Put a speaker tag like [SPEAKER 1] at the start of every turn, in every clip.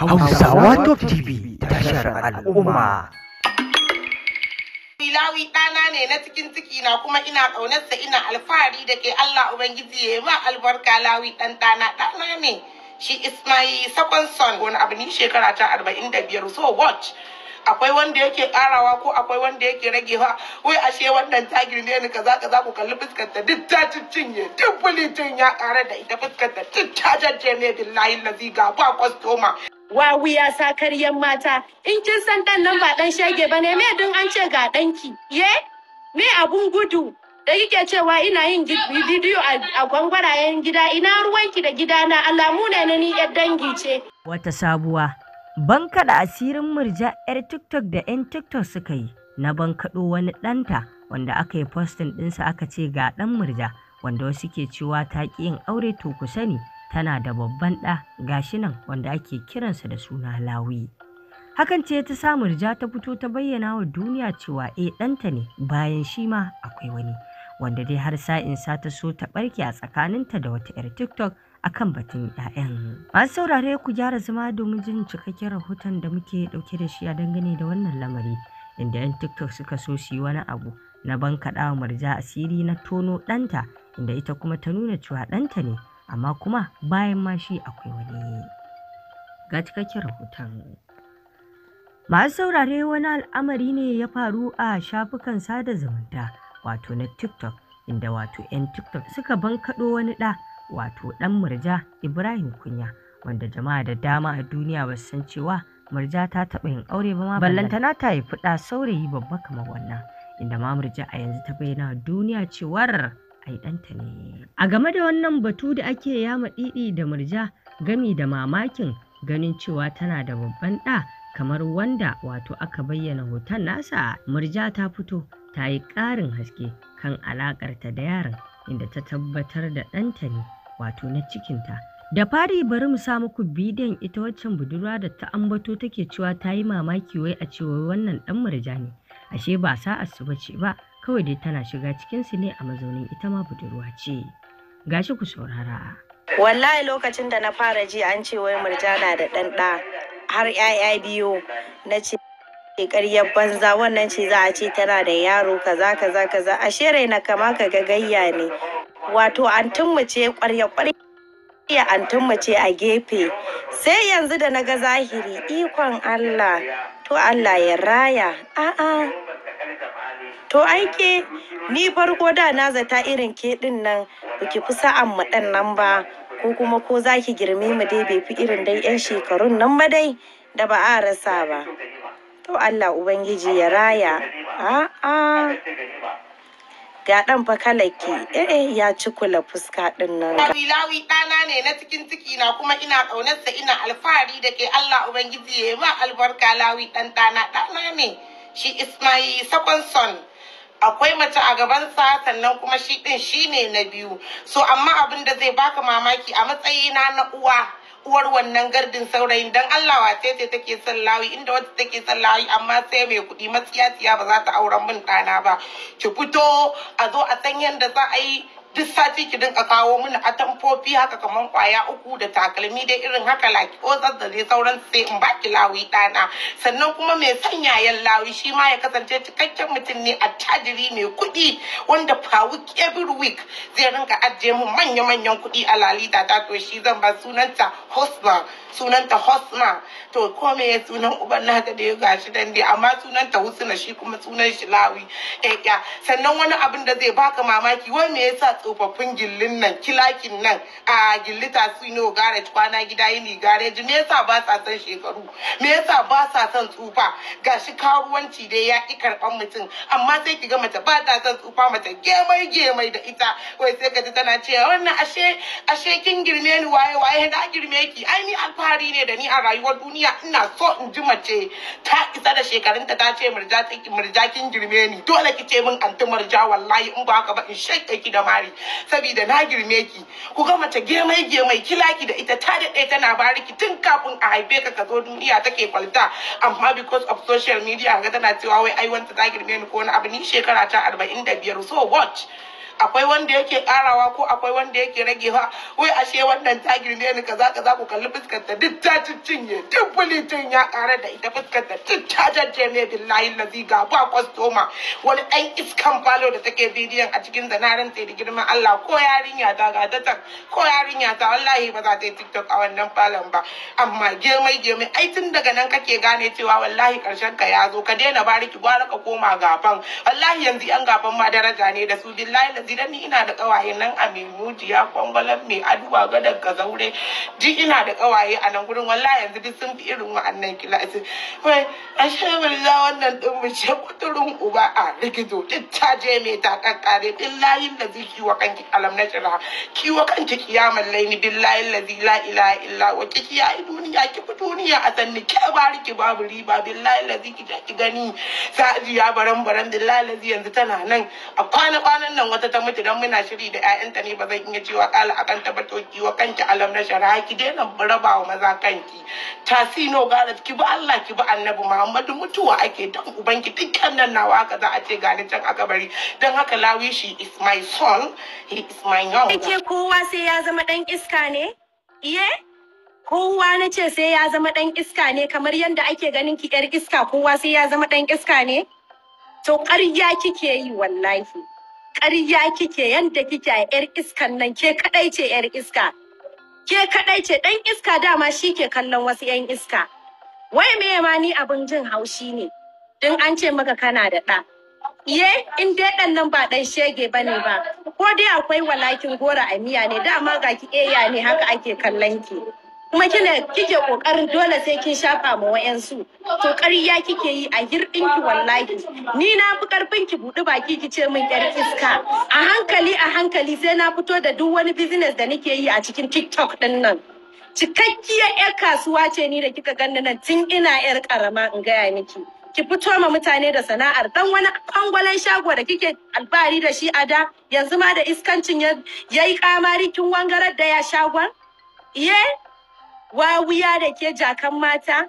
[SPEAKER 1] Hausawa Top TV tashar al'umma. Bilawi ɗana
[SPEAKER 2] ne na cikin ciki na kuma ina ƙaunarsa ina alfahari da ke Allah Ubangiji ya yi ma albarka lawi ɗan ɗana ɗana ne. Shi Ismail Sakon son wani abu ni shekara ta arba'in da biyar so watch. akwai wanda yake karawa ko akwai wanda yake ragewa wai ashe wannan ta girme ni kaza kaza ku kalli fuskar ta duk ta cinye duk bulitin ya kare da ita fuskar ta duk ta ne billahi lazi ga ba kwastoma
[SPEAKER 1] wuya sakaryan mata in kin san dan nan ba dan shege ba ne me din an ce ga danki ye me abun gudu da kike cewa ina yin bidiyo a gwangwarayen gida ina ruwanki da gidana alamu ne na ni yar dangi ce
[SPEAKER 3] wata sabuwa ban kada asirin murja yar tiktok da yan tiktok suka yi na ban kado wani ɗanta wanda aka yi postin ɗinsa aka ce ga ɗan murja wanda wasu ke cewa ta ƙi yin aure to ku sani tana da babban ɗa gashi nan wanda ake kiransa da suna lawi hakan ce ta samu rija ta fito ta bayyana wa duniya cewa e ɗanta ne bayan shi ma akwai wani wanda dai har sa ta so ta ɓarke a tsakaninta da wata 'yar tiktok akan batun 'ya'yan. Masu saurare ku gyara zama domin jin cikakken rahoton da muke ɗauke da shi a dangane da wannan lamari inda 'yan TikTok suka so su yi wani abu na ban kaɗawa marja asiri na tono ɗanta inda ita kuma ta nuna cewa ɗanta ne amma kuma bayan ma shi akwai wani ga cikakken rahoton masu saurare wani al'amari ne ya faru a shafukan sada zumunta wato na tiktok inda wato 'yan tiktok suka bankaɗo wani ɗa wato ɗan murja ibrahim kunya wanda jama'a da dama a duniya ba san cewa murja ta taɓa yin aure ba ma ballantana ta haifi ɗa saurayi babba kamar wannan inda ma murja a yanzu ta bayyana duniya cewar ai ɗanta ne a game da wannan batu da ake yama ɗiɗi da murja gami da mamakin ganin cewa tana da babban ɗa kamar wanda wato aka bayyana hoton nasa murja ta fito ta yi ƙarin haske kan alaƙarta da yaran, inda ta tabbatar da ɗanta ne wato na cikinta da fari bari mu sa muku bidiyon ita waccan budurwa da ta ambato take cewa ta yi mamaki wai a cewa wannan ɗan murja ne ashe ba sa'a su bace ba kawai dai tana shiga cikinsu ne a mazaunin ita ma budurwa ce gashi ku saurara
[SPEAKER 1] wallahi lokacin da na fara ji an ce wai murjana da ɗan har 'ya'ya biyu na ce ƙaryar banza wannan ce za a ce tana da yaro kaza kaza kaza ashe raina kama ka ga gayya ne wato an ce, ƙwarya ƙwarya an ce a gefe sai yanzu da na ga zahiri ikon Allah to Allah ya raya a'a To aike ni farko da na zata irin ke din nan baki fi sa'an mu ɗan nan ba ko kuma ko zaki ki girme mu dai bai fi irin dai 'yan shekarun nan ba dai da ba a rasa ba. To Allah Ubangiji ya raya. A'a. ga ɗan fa kalake eh, eh ya ci kula fuska din nan lawi
[SPEAKER 2] lawi ɗana ne na cikin ciki na kuma ina ƙaunarsa ina alfahari da ke Allah ubangiji ya yi ma albarka lawi ɗan ɗana ɗana ne shi Ismail second son akwai mace a gabansa sannan kuma shi din shine na biyu so amma abin da zai baka mamaki a matsayina na uwa uwar wannan gardin saurayin dan Allah wace ce take son lawi inda wata take son lawi amma sai mai kuɗi matsiya ba za ta auren min ɗana ba ki fito a zo a san yadda za a yi duk sati ki dinka kawo mini atamfofi haka kaman kwaya uku da takalmi dai irin haka laki o zazzare sauran sai in baki lawi dana sannan kuma mai sanya yayan lawi shi ma ya kasance cikakken mutum ne a tajiri mai kuɗi wanda per every week zai rinka ajiye mu manya-manyan kuɗi a lalita ta to shi zan ba sunanta hosma sunanta hosma to ko me ya sunan uban naka da ya gashi dan dai amma sunanta husna shi kuma sunan shi lawi eh, sannan wani abin da zai baka mamaki wai me yasa tsofaffin gillin nan kilakin nan a gillita sino gare kwana gida yi gare gareji me yasa ba sa san shekaru me yasa ba sa san tsufa shi karuwanci dai ya ki karban mutum amma sai ki ga mace ba ta san tsufa mace gemai gemai da ita wai sai ka ji tana ce wannan ashe ashe kin girme ni waye waye da girme ki ai ni alfahari ne da ni a rayuwar duniya ina so in ji mace ta isa da shekarunta ta ce murja kin girme ni dole ki ce min anti ja wallahi in ba haka ba in shekaki ki da mari saboda na girme ki ku ga mace gemai kila kilaki da ita ta daɗe tana bariki tun kafin a haife ka ka zo duniya take kwalta amma because of social media ga tana cewa wai ai wanta ta girme ni ko wani abu ni shekara ta arba'in da biyar so what akwai wanda yake karawa ko akwai wanda yake ragewa wai ashe wannan ta girme ni kaza kaza ku kalli fuskar ta duk ta cinye duk bulitin ya kara da ita fuskar ta duk ta ne billahi lazi ga ba kwastoma wani ɗan iskan falo da take bidiyon a cikin zanarin ta da girman Allah ko yarinya ta ga ta ko yarinya ta wallahi ba za ta yi tiktok a wannan falon ba amma gemai gemai ai tun daga nan kake gane cewa wallahi karshen ka ya zo ka daina bariki gwara ka koma gaban wallahi yanzu yan gaban ma daraja ne da su billahi gidan ni ina da kawaye nan a mai mujiya kwangwalan mai aduwa ga daga zaure ji ina da kawaye a nan gurin wallahi yanzu duk sun fi irin wa'annan kilasi wai a shewar za wannan din mu ce kuturin uba a rigido duk ta je mai ta kankare billahi lazi kiwa kanki alam na ki kiwa kanki kiyamar laini billahi lazi la ilaha illa wa kiki ya duniya ki fi duniya a sanni ke bariki babu riba billahi lazi ki ki gani sa'aji ya baran baran billahi lazi yanzu tana nan a kwana kwanan nan wata ta mutu don muna shiri da ƴaƴanta ne ba zan iya cewa kala akan ta ba toki wa kanki alam na shara ki daina raba wa maza kanki tasino gara ki bi Allah ki bi Annabi Muhammadu mutuwa ake dan ubanki dukkan nan nawa ka za a ce ga ni can aka bari dan haka lawishi is my son he is my young ke
[SPEAKER 1] kowa sai ya zama dan iska ne iye kowa na ce sai ya zama dan iska ne kamar yanda ake ganin ki yar iska kowa sai ya zama dan iska ne to ƙarya kike yi wallahi ƙarya kike yanda kike a yar iskan nan ke kaɗai ce yar iska ke kaɗai ce ɗan iska dama shi ke kallon wasu yan iska wai me ma ni abin jin haushi ne din an ce maka kana da ɗa ye in dai ɗan nan ba ɗan shege ba ne ba ko dai akwai walakin gora a miya ne dama ga ki eya ne haka ake kallon ki kuma kina kike kokarin dole sai kin shafa ma wayansu to ƙarya kike yi a girɗin ki wallahi ni na fi karfin ki buɗi baki ki ce min yar iska a hankali a hankali sai na fito da duk wani business da nake yi a cikin TikTok din nan cikakkiya yar kasuwa ce ni da kika ganni nan tun ina yar karama in gaya miki ki fito ma mutane da sana'ar dan wani kwangwalen shago da kike alfahari da shi a da yanzu ma da iskancin ya yi kamari kin wangarar da ya shagon ye wuya da ke jakan mata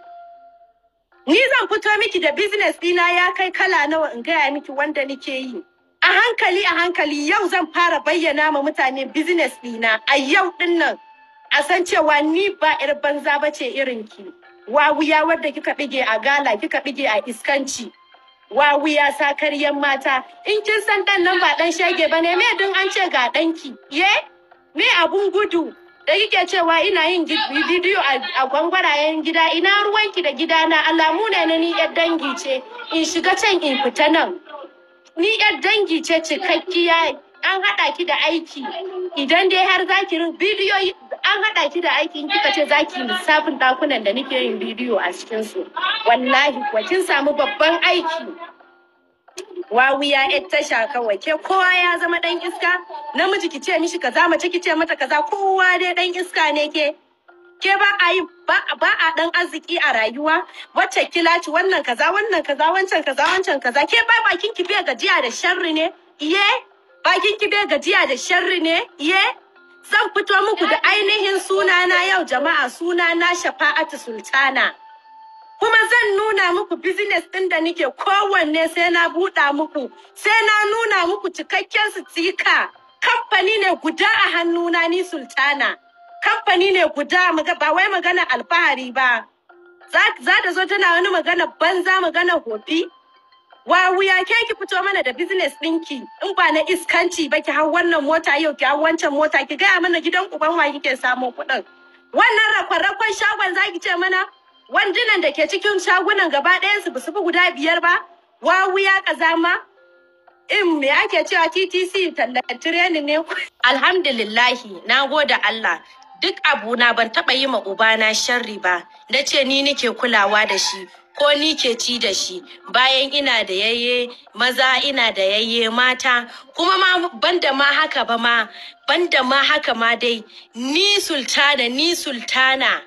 [SPEAKER 1] ni zan fito miki da business dina ya kai kala nawa in gaya miki wanda nike yi a hankali a hankali yau zan fara bayyana ma mutane business dina a yau din nan a san cewa ni ba yar banza ba ce ki. wuya wadda kika bige a gala kika bige a iskanci wuya sakaryan mata in kin san dan nan ba dan shege bane, me din an ce ga danki ye me abun gudu da kike cewa ina yin bidiyo a gwangwarayen gida ina ruwanki da gidana alamu ne na ni yar dangi ce in shiga can in fita nan ni dangi ce cikakkiya an haɗa ki da aiki idan dai har zaki bidiyo an haɗa ki da aiki in kika ce zaki lissafin ɗakunan da nake yin bidiyo a cikin su wallahi kuwa kin samu babban aiki wawiya yar tasha kawai ke kowa ya zama dan iska namiji ki ce mishi kaza mace ki ce mata kaza kowa dai dan iska ne ke ke ba a yi ba a dan arziki a rayuwa wacce kilaci wannan kaza wannan kaza wancan kaza wancan kaza ke ba bakin ki bai gajiya da sharri ne Ye. bakin ki bai gajiya da sharri ne Ye. zan fito muku da ainihin sunana yau jama'a sunana shafa'atu sultana kuma zan nuna muku business ɗin da nike kowanne sai na buɗa muku sai na nuna muku cikakken sitika kamfani ne guda a hannuna ni sultana kamfani ne guda ba wai magana alfahari ba za ta zo tana wani magana banza magana hofi wa wuya ke ki fito mana da business ɗinki in ba na iskanci ba ki hau wannan mota yau ki hau wancan mota ki gaya mana gidan ban wa kike samo kuɗin wannan rakwarakwan shagon za ki ce mana wandunan da ke cikin shagunan gaba ɗayansu ba su fi guda biyar ba wawuya kazama in me ake cewa ttc tallan training ne alhamdulillahi na gode allah duk abuna ban taɓa yi ma ubana sharri ba nace ni nike kulawa da shi ko ni ke ci da shi bayan ina da yayye maza ina da yayye mata kuma ma banda ma haka ba ma banda ma haka ma dai ni sultana ni sultana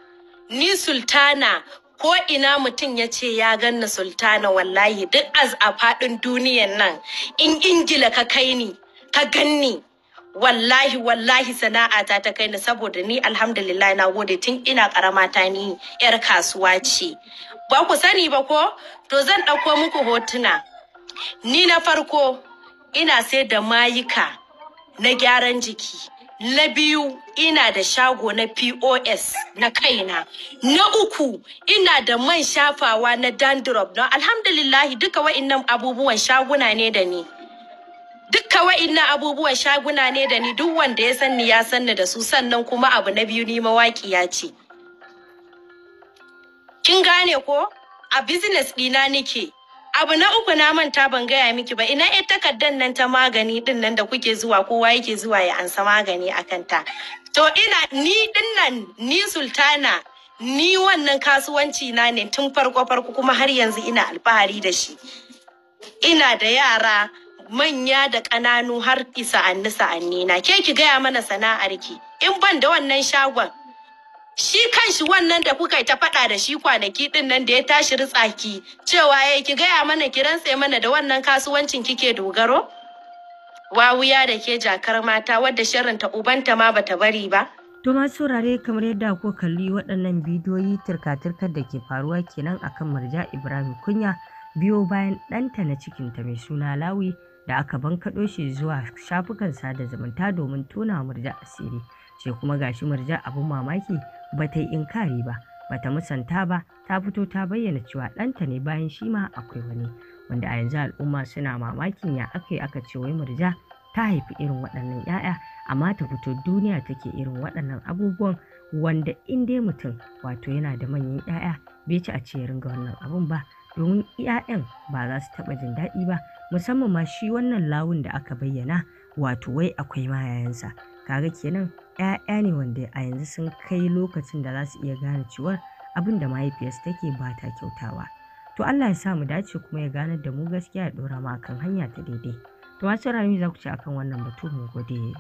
[SPEAKER 1] ni sultana ko ina mutum ya ce ya ganna sultana wallahi duk az a faɗin duniyan nan in ingila ka kai ni ka ganni wallahi wallahi sana'ata ta kai ni saboda ni alhamdulillah na gode tun ina karama ni yar kasuwa ce ba ku sani ba ko to zan ɗauko muku hotuna ni na farko ina sai da mayuka na gyaran jiki Na biyu ina da shago na POS na kaina. Na uku ina da man shafawa na dandrop. Na alhamdulillahi duka wa'innan abubuwan shaguna ne da ni. Duka wa'innan abubuwan shaguna ne da ni duk wanda ya san ni ya san ni da su sannan kuma abu na biyu ni ya ce. Kin gane ko? A business ɗina nike. abu na uku na manta ban gaya miki ba ina ita takardar nan ta magani din nan da kuke zuwa kowa yake zuwa ya ansa magani a kanta to ina ni din nan ni sultana ni wannan kasuwanci na ne tun farko farko kuma har yanzu ina alfahari da shi ina da yara manya da ƙananu har isa anni sa'anni na ke ki gaya mana sana'arki in ban da wannan shagon shi kanshi wannan da kuka ta faɗa da shi kwanaki ɗin nan da ya tashi ritsaki cewa ya ki gaya mana ki rantse mana da wannan kasuwancin kike dogaro? Wawuya da ke jakar mata wadda ta ubanta ma bata bari ba.
[SPEAKER 3] To ma saurare kamar yadda ko kalli waɗannan bidiyoyi turka-turkar da ke faruwa kenan akan Marja Ibrahim Kunya biyo bayan ɗanta na cikinta mai suna Lawi da aka bankaɗo shi zuwa shafukan sada zumunta domin tona murja asiri sai kuma gashi murja abin mamaki ba ta yi inkari ba ba ta musanta ba ta fito ta bayyana cewa ɗanta ne bayan shi ma akwai wani wanda a yanzu al'umma suna mamakin ya aka aka ce wai murja ta haifi irin waɗannan 'ya'ya amma ta fito duniya take irin waɗannan abubuwan wanda in dai mutum wato yana da manyan 'ya'ya bai ci a ce ya ringa wannan abun ba domin ƴaƴan ba za su taɓa jin daɗi ba musamman ma shi wannan lawun da aka bayyana wato wai akwai mayayansa kaga kenan ƴaƴa ne wanda a yanzu sun kai lokacin da za su iya gane cewar abin da mahaifiyarsu take ba ta kyautawa to Allah ya sa mu dace kuma ya ganar da mu gaskiya ya ɗora mu akan hanya ta daidai to masu rami za ku ci akan wannan batu mu gode